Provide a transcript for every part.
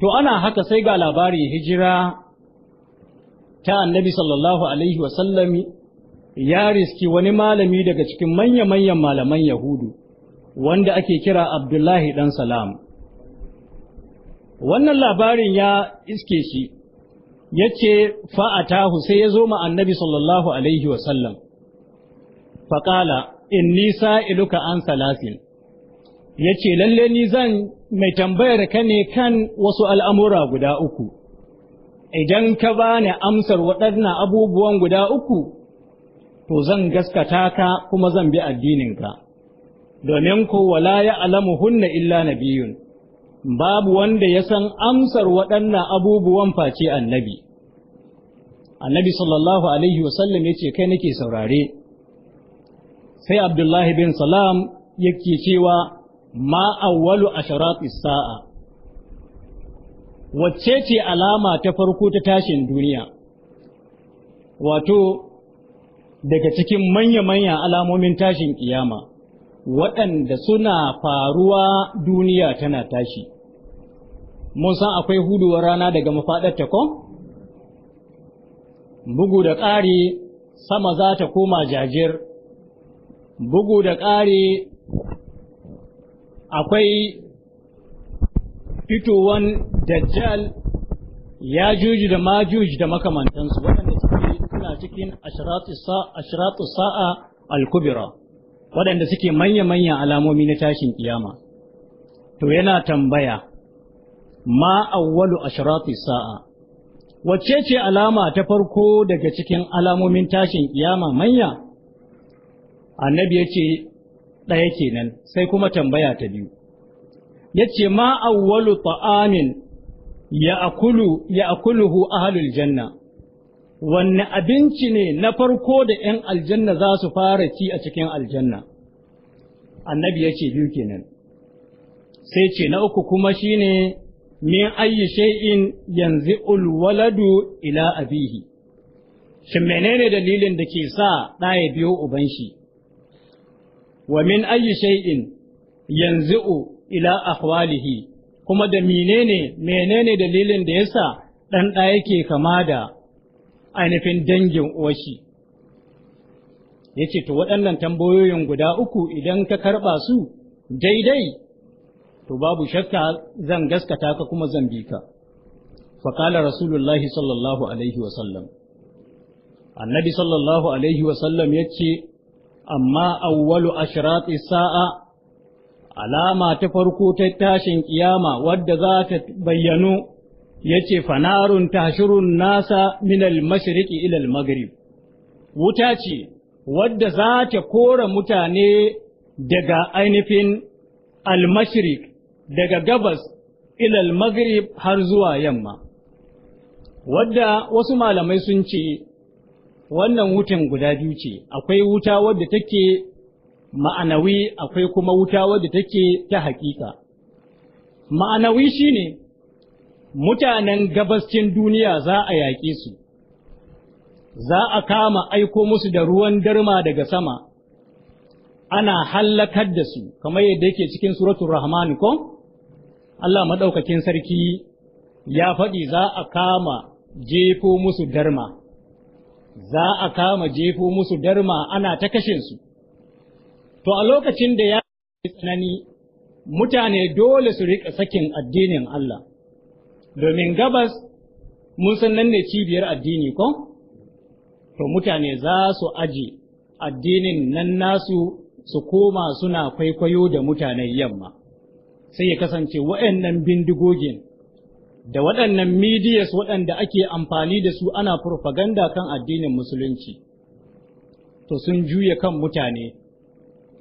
to ana haka sai ga labari hijira ta annabi sallallahu alaihi wasallam ya riski wani malami daga cikin manya-manyan malaman yahudu wanda ake kira abdullahi ɗan salam wannan labarin ya iske shi ya ce fa'atahu sai ya zo ma annabi sallallahu alaihi wasallam faƙala in nisa iluka an salasin ya ce lalle ni zan mai tambayar ka ne kan wasu al'amura guda uku idan ka ba ni amsar waɗannan abubuwan guda uku to zan gaskata ka kuma zan bi addininka domin ko wala ya alamu hunna illa na biyun, babu wanda ya san amsar waɗannan abubuwan face annabi annabi sallallahu alaihi wasallam ya ce kai nake saurare sai abdullahi bin salam yake cewa ma awwalu asharati sa'a wacce ce alama ta farko ta tashin duniya wato daga cikin manya-manya alamomin tashin kiyama waɗanda suna faruwa duniya tana tashi mun san akwai huduwar rana daga mafaɗar takon bugu da ƙari sama za ta koma jajir bugu da ƙari akwai fitowan dajjal ya juji da majuji da makamantansu waɗanda suke suna cikin ashiratu sa'a al-kubira waɗanda suke manya-manyan alamomi na tashin kiyama to yana tambaya ma awwalu ashiratu sa'a wacce ce alama ta farko daga cikin alamomin tashin kiyama manya annabi ya ce ɗaya kenan sai kuma tambaya ta biyu Ya ce ma awwalu ta'amin hu a halin janna wanne abinci ne na farko da 'yan aljanna za su fara ci a cikin aljanna annabi ya ce biyu kenan sai ce na uku kuma shine min ayi shay'in yanzu ulwaladu ila abihi shin menene dalilin da ke sa ɗaya biyo ubanshi shi wa min ayyi shay'in yanzu ila ahwalihi kuma da menene menene dalilin da yasa dan da yake kama da ainihin dangin uwashi yace to waɗannan tambayoyin guda uku idan ka karba su daidai to babu shakka zan gaskata ka kuma zan bi ka فقال رسول الله صلى الله عليه وسلم النبي صلى الله عليه وسلم يتشي amma awwalu ashrati sa'a alama ta farko ta tashin kiyama wadda za ta bayyanu yace fanarun tashirun nasa min al ilal ila wuta ce wadda za ta kora mutane daga ainihin al daga gabas ilal magrib har zuwa yamma wadda wasu malamai sun ce wannan wutan guda biyu ce akwai wuta wadda take ma'anawi akwai kuma wuta wadda take ta hakika ma'anawi shine mutanen gabascin duniya za a yaƙe su za a kama aiko musu da ruwan darma daga sama ana hallakar da su kamar yadda yake cikin suratul rahman ko Allah maɗaukakin sarki ya faɗi za a kama jefo musu darma za a kama jefo musu darma ana ta kashe su to a lokacin da ya tsanani mutane dole su riƙa sakin addinin Allah domin gabas mun san nan ne cibiyar addini ko to mutane za su aji addinin nan nasu su koma suna kwaikwayo da mutanen yamma sai ya kasance wa'annan bindigogin da waɗannan midiyas waɗanda ake amfani da su ana propaganda kan addinin musulunci to sun juya kan mutane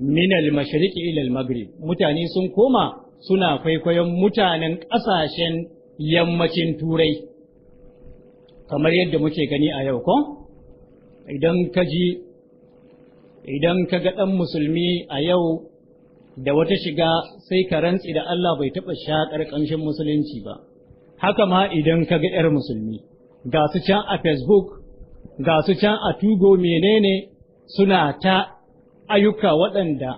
minal mashariki ilal magrib mutane sun koma suna kwaikwayon mutanen ƙasashen yammacin turai kamar yadda muke gani a yau ko idan ka ji idan ka ga ɗan musulmi a yau da wata shiga sai ka rantsi da Allah bai taɓa shaƙar ƙamshin musulunci ba haka ma idan ka ga 'yar musulmi ga su can a facebook ga su can a tugo menene suna ta ayyuka waɗanda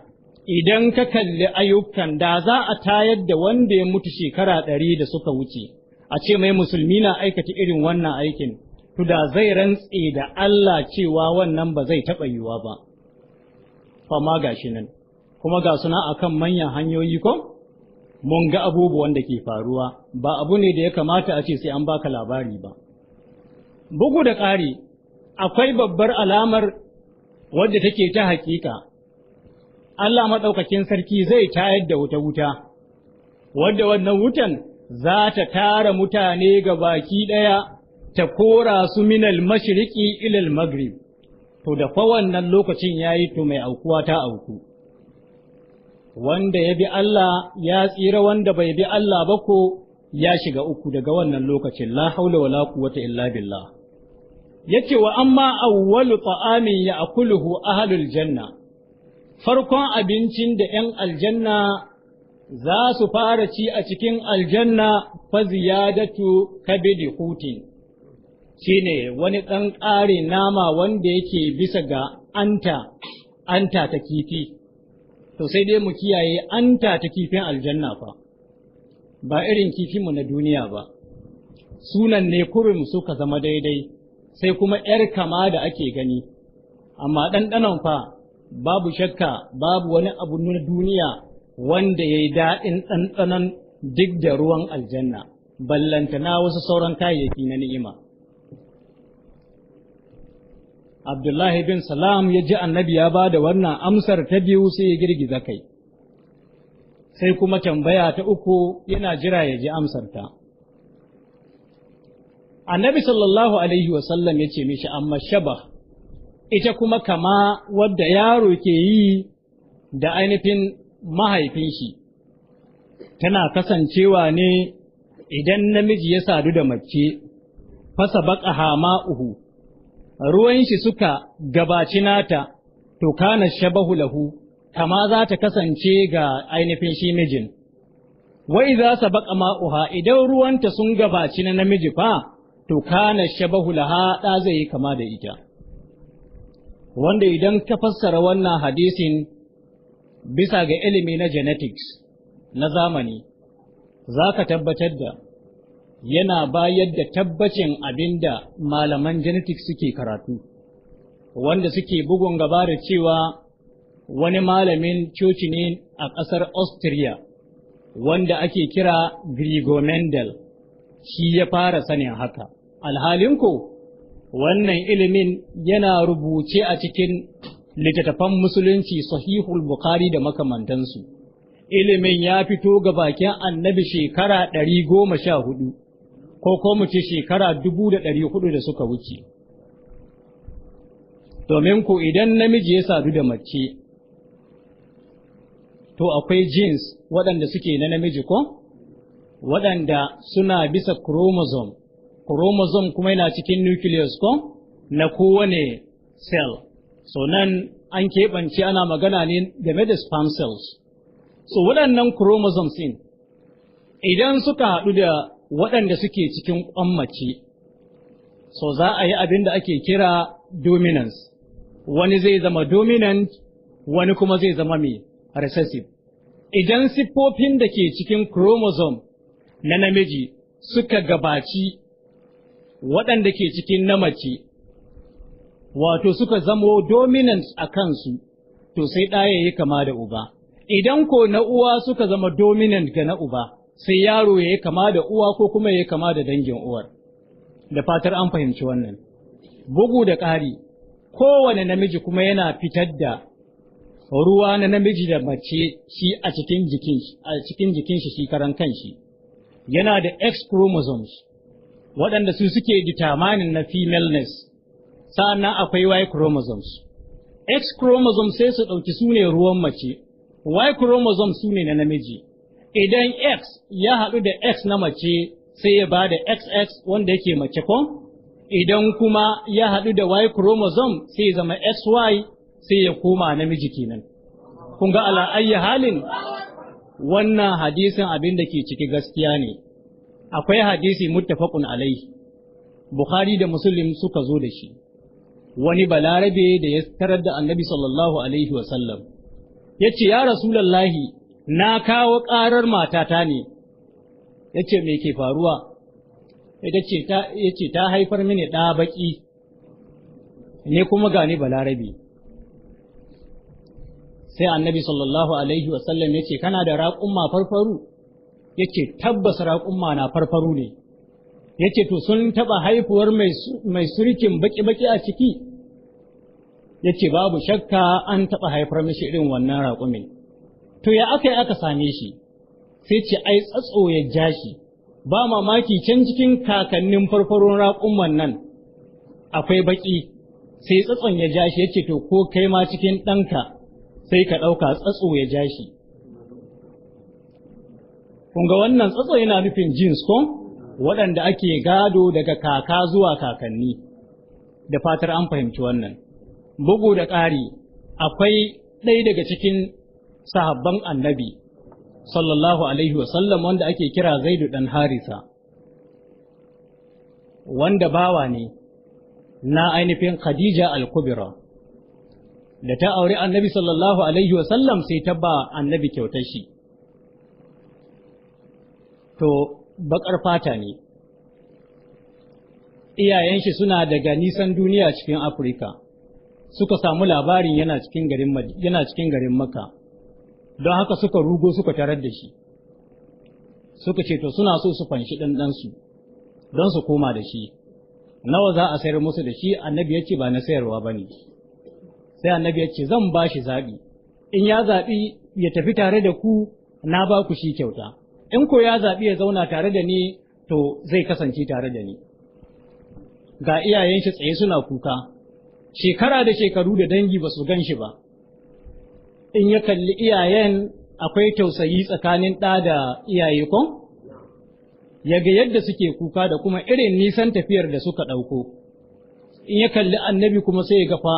idan ka kalli ayyukan da za a tayar da wanda ya mutu shekara ɗari da suka wuce a ce mai musulmi na aikata irin wannan aikin to da zai rantse da Allah cewa wannan ba zai taɓa yiwuwa ba. Fama ga shi nan, kuma ga suna akan manyan hanyoyi ko? mun ga abubuwan da ke faruwa ba abu ne da ya kamata a ce sai an baka labari ba bugu da ƙari akwai babbar alamar wadda take ta hakika Allah maɗaukakin sarki zai tayar da wuta wuta wadda wannan wutan za ta tara mutane ga baki ɗaya ta kora su minal mashriqi ilal maghrib to da fa wannan lokacin ya yi to mai aukuwa ta auku wanda ya bi Allah ya tsira wanda bai bi Allah ba ko ya shiga uku daga wannan lokacin la haula wala quwwata illa billah yace wa amma awwalu ta'amin ya'kuluhu ahlul janna farkon abincin da 'yan aljanna za su fara ci a cikin aljanna fa ziyadatu kabidi hutin shine wani ɗan ƙare nama wanda yake bisa ga anta anta ta kifi to sai dai mu kiyaye an ta ta kifin aljanna fa ba irin mu na duniya ba sunan ne kurum suka zama daidai sai kuma ‘yar kama da ake gani amma ɗanɗanon fa babu shakka babu wani abu na duniya wanda ya yi daɗin ɗanɗanon duk da ruwan aljanna ballantana wasu sauran kayayyaki na ni'ima Abdullahi bin Salam ya ji annabi ya ba da wannan amsar ta biyu sai ya girgiza kai. Sai kuma tambaya ta uku yana jira ya ji amsar ta. Annabi sallallahu Alaihi wasallam ya ce mishi amma shaba, ita kuma kama wadda yaro ke yi da ainihin mahaifin shi, tana kasancewa ne idan namiji ya sadu da mace, fasa baƙa hama uhu. ruwan shi suka gabaci nata to kana shabahu lahu kama za ta kasance ga ainihin shi mijin wa idza baka ma'uha idan ruwanta sun gabaci na namiji fa to kana shabahu laha da zai yi kama da ita wanda idan ka fassara wannan hadisin bisa ga ilimi na genetics na zamani za ka tabbatar da yana bayar da tabbacin abinda malaman genetics suke karatu wanda suke bugun gaba da cewa wani malamin coci ne a ƙasar austria wanda ake kira Grigo Mendel shi ya fara sanin haka. alhalin ko wannan ilimin yana rubuce a cikin littattafan musulunci sahihul Bukhari da makamantansu. Ilimin ya fito ga bakin annabi shekara ɗari goma sha hudu, ko ko mu ce shekara dubu da ɗari hudu da suka wuce domin ku idan namiji ya sadu da mace to akwai jeans waɗanda suke na namiji ko waɗanda suna bisa chromosome chromosome kuma yana cikin nucleus ko na kowane cell so nan an keɓance ana magana ne game da sperm cells so waɗannan chromosomes sin idan suka haɗu da waɗanda suke cikin ƙwammace so za a yi abin da ake kira dominance wani zai zama dominant wani kuma zai zama mai recessive idan siffofin da ke cikin chromosome na namiji suka gabaci waɗanda ke cikin na mace wato suka zamo dominant a kansu to sai ɗaya yi kama da uba idan ko na uwa suka zama dominant ga na uba sai yaro ya yi kama da uwa ko kuma ya yi kama da dangin uwar da fatar an fahimci wannan bugu da ƙari kowane namiji kuma yana fitar da ruwa na namiji da mace shi a cikin jikin a shi shi kanshi yana da X chromosomes waɗanda su suke determining na femaleness sa'annan akwai Y chromosomes X chromosomes sai su ɗauki su ne ruwan mace Y chromosomes su ne na namiji idan x ya haɗu da x na mace sai ya ba da xx wanda yake mace kwan, idan kuma ya haɗu da y chromosome sai ya zama xy sai ya koma namiji kenan kun ga ala halin wannan hadisin abin da ke ciki gaskiya ne akwai hadisi muttafaqun alaihi bukhari da muslim suka zo da shi wani balarabe da ya tarar da annabi sallallahu alaihi wasallam ya ce ya rasulallahi na kawo ƙarar matata ne ya ce me ke faruwa ya ce ta haifar mini ɗa baƙi ne kuma gani balarabi sai annabi sallallahu alaihi wasallam ya ce kana da raƙumma farfaru ya ce tabbas raƙumma na farfaru ne ya ce to sun taɓa haifuwar mai surikin baƙi-baƙi a ciki ya ce babu shakka an taɓa haifar mishi irin wannan raƙumin to ya aka yi aka same shi sai ce ai tsatso ya ja shi ba mamaki can cikin kakannin farfaron raƙumman nan akwai baƙi sai tsatson ya ja shi ya ce to ko kai ma cikin ɗanka sai ka ɗauka tsatso ya ja shi kun wannan tsatso yana nufin jins ko waɗanda ake gado daga kaka zuwa kakanni da fatar an fahimci wannan bugu da ƙari akwai ɗaya daga cikin sahabban annabi sallallahu alaihi wasallam wanda ake kira zaidu dan harisa wanda bawa ne na ainihin khadija al kubira da ta auri annabi sallallahu alaihi wasallam sai ta ba annabi kyautar shi to bakar fata ne iyayen shi suna daga nisan duniya cikin afirka suka samu labarin yana cikin garin yana cikin garin makka don haka suka rugo suka tarar da shi suka ce to suna so su fanshi ɗanɗansu don su koma da shi nawa za a sayar musu da shi annabi ya ce ba na sayarwa ba ne sai annabi ya ce zan ba shi zaɓi in ya zaɓi ya tafi tare da ku na ba ku shi kyauta in ko ya zaɓi ya zauna tare da ni to zai kasance tare da ni ga iyayen shi tsaye suna kuka shekara da shekaru da dangi ba su gan shi ba in ya kalli iyayen akwai tausayi tsakanin ɗa da iyaye kon? Ya ga yadda suke kuka da kuma irin nisan tafiyar da suka ɗauko. In ya kalli annabi kuma sai ya gafa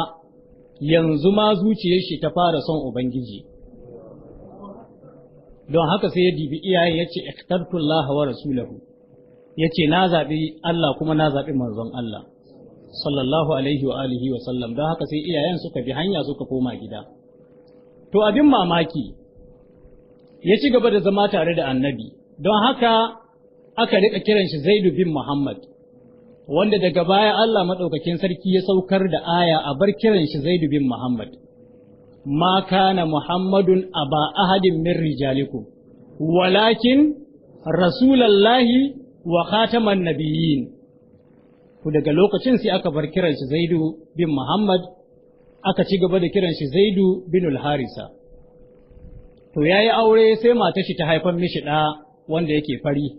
yanzu ma zuciyar shi ta fara son Ubangiji. Don haka sai ya dibi iyayen ya ce, Ikhtartullaha wa rasulahu. Ya ce, Na zaɓi Allah kuma na zaɓi manzon Allah. Sallallahu alaihi wa alihi wa sallam. Don haka sai iyayen suka bi hanya suka koma gida. to abin mamaki ya ci gaba da zama tare da annabi don haka aka riƙa kiran shi zaidu bin muhammad wanda daga baya Allah maɗaukakin sarki ya saukar da aya a bar kiran shi zaidu bin muhammad ma kana muhammadun aba ahadin min rijalikum walakin rasulallahi wa khataman nabiyyin ku daga lokacin sai aka bar kiran shi zaidu bin muhammad aka ci gaba da kiran shi zaidu bin harisa to ya yi aure sai mata shi ta haifan mishi ɗa wanda yake fari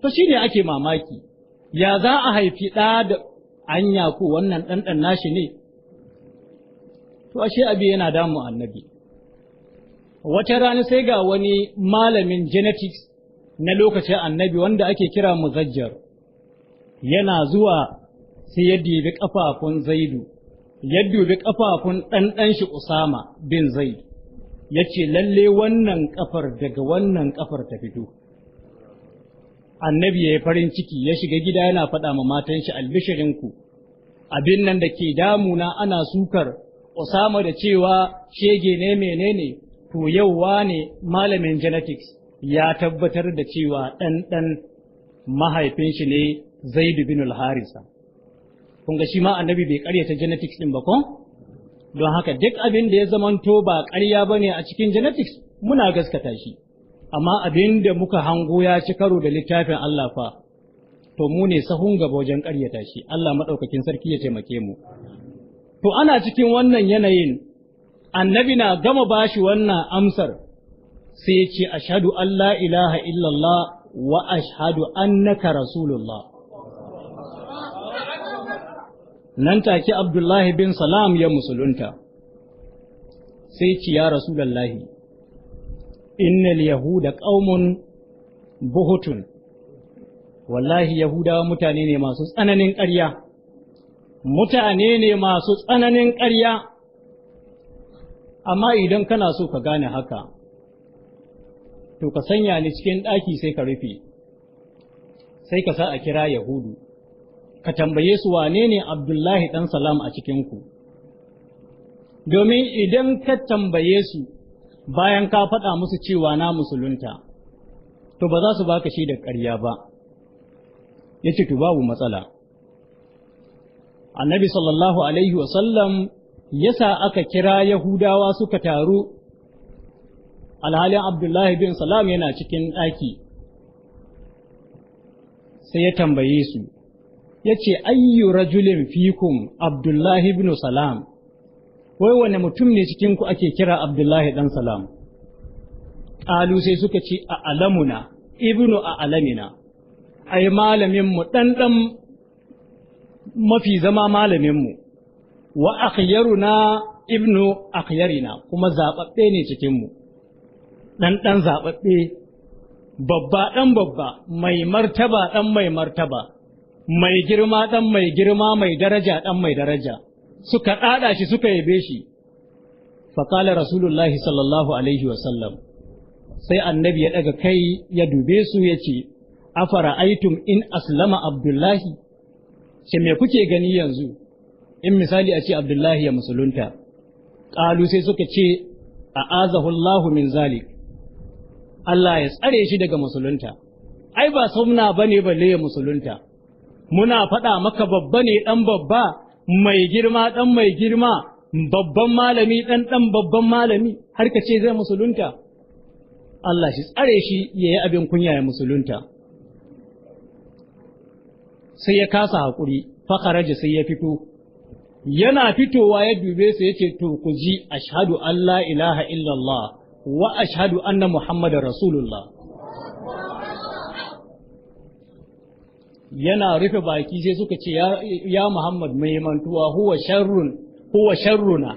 to shi ne ake mamaki ya za a haifi ɗa da anya ko wannan ɗanɗan nashi ne to ashe abi yana damu annabi wata rana sai ga wani malamin genetics na lokacin annabi wanda ake kira muzajjar yana zuwa sai ya dibi ƙafafun zaidu ya dubi kafafun ɗanɗan shi Usama bin Zaid ya ce lalle wannan ƙafar daga wannan ƙafar ta fito annabi ya yi farin ciki ya shiga gida yana faɗa ma matan shi ku abin nan da ke damuna ana sukar Usama da cewa shege ne menene to wa ne malamin genetics ya tabbatar da cewa ɗanɗan mahaifin shi ne Zaid bin al-Harisa kun ga shi ma annabi bai karyata genetics din ba ko don haka duk abin da ya zamanto ba ƙarya ba ne a cikin genetics muna gaskata shi amma abin da muka hango ya ci karo da littafin Allah fa to mu ne sahun gaba wajen karyata shi Allah maɗaukakin sarki ya taimake mu to ana cikin wannan yanayin annabi na gama bashi wannan amsar sai ya ce ashhadu an la ilaha illallah wa ashhadu annaka rasulullah nan take abdullahi bin salam ya musulunta sai ci ya rasulallahi innal yahuda qaumun buhutun wallahi yahudawa mutane ne masu tsananin ƙarya mutane ne masu tsananin ƙarya amma idan kana so ka gane haka to ka sanya ni cikin ɗaki sai ka rufe sai ka sa a kira yahudu ka tambaye su wane ne Abdullahi ɗan Salam a cikinku. Domin idan ka tambaye su bayan ka faɗa musu cewa na musulunta, to ba za su baka shi da ƙarya ba, ya ce babu matsala. Annabi sallallahu Alaihi wasallam sa aka kira Yahudawa suka taru, alhalin Abdullahi bin Salam yana cikin ɗaki, sai ya tambaye su. yace ayyu rajulin fikum abdullahi ibn salam wai wane mutum ne cikin ku ake kira abdullahi dan salam qalu sai suka ce a alamuna ibnu a alamina ai malamin mu dan dan mafi zama malaminmu mu wa akhyaruna ibnu akhyarina kuma zababbe ne cikin mu dan dan zababbe babba dan babba mai martaba dan mai martaba mai girma ɗan mai girma mai daraja ɗan mai daraja suka ɗaɗa shi suka yabe shi faƙala rasulullahi sallallahu alaihi wasallam sai annabi ya ɗaga kai ya dube su ya ce afara aitum in aslama abdullahi ce me kuke gani yanzu in misali a ce abdullahi ya musulunta ƙalu sai suka ce a azahullahu min zalik Allah ya tsare shi daga musulunta ai ba sauna bane balle ya musulunta muna faɗa maka babba ne ɗan babba mai girma ɗan mai girma babban malami ɗan ɗan babban malami har ka ce zai musulunta Allah shi tsare shi ya yi abin kunya ya musulunta sai ya kasa haƙuri fakaraji sai ya fito yana fitowa ya dube su yace to ku ji ashhadu an la ilaha illallah wa ashhadu anna muhammadar rasulullah yana rufe baki sai suka ce ya Muhammad mai mantuwa huwa sharrun huwa sharruna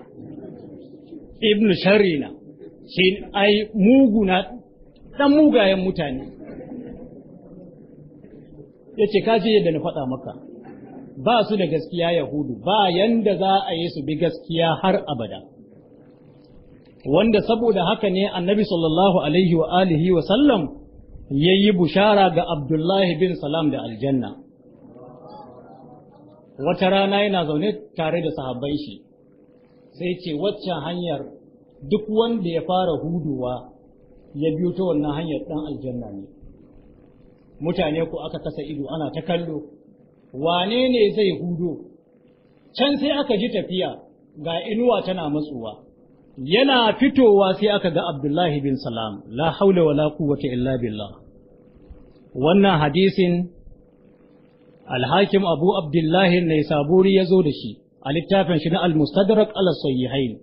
ibn sharrina shi ai muguna dan mugayen mutane yace ka je yadda na faɗa maka ba su da gaskiya yahudu ba yanda za a yi su bi gaskiya har abada wanda saboda haka ne annabi sallallahu alaihi wa alihi wa sallam ya yi bushara ga Abdullahi bin Salam da aljanna. Wata rana yana zaune tare da sahabban shi, sai ce waccan hanyar duk wanda ya fara huduwa ya biyo ta wannan hanyar ɗan aljanna ne. Mutane ku aka kasa ido ana ta kallo, wane ne zai hudo? Can sai aka ji tafiya ga inuwa tana matsuwa. yana fitowa sai aka ga Abdullahi bin Salam la haula wala quwwata illa billah wannan hadisin Al-Hakim Abu Abdullahi ne saburi ya zo da shi a littafin shi na Al-Mustadrak ala Sahihain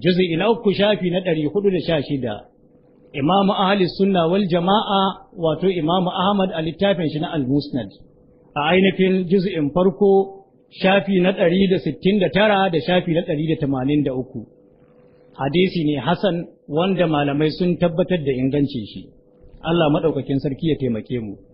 juz'i na uku shafi na 416 Imam Ahli Sunna wal Jama'a wato Imam Ahmad a littafin shi na Al-Musnad a ainihin juz'in farko shafi na 169 da shafi na 183 hadisi ne hasan wanda malamai sun tabbatar da ingancin shi Allah maɗaukakin sarki ya taimake mu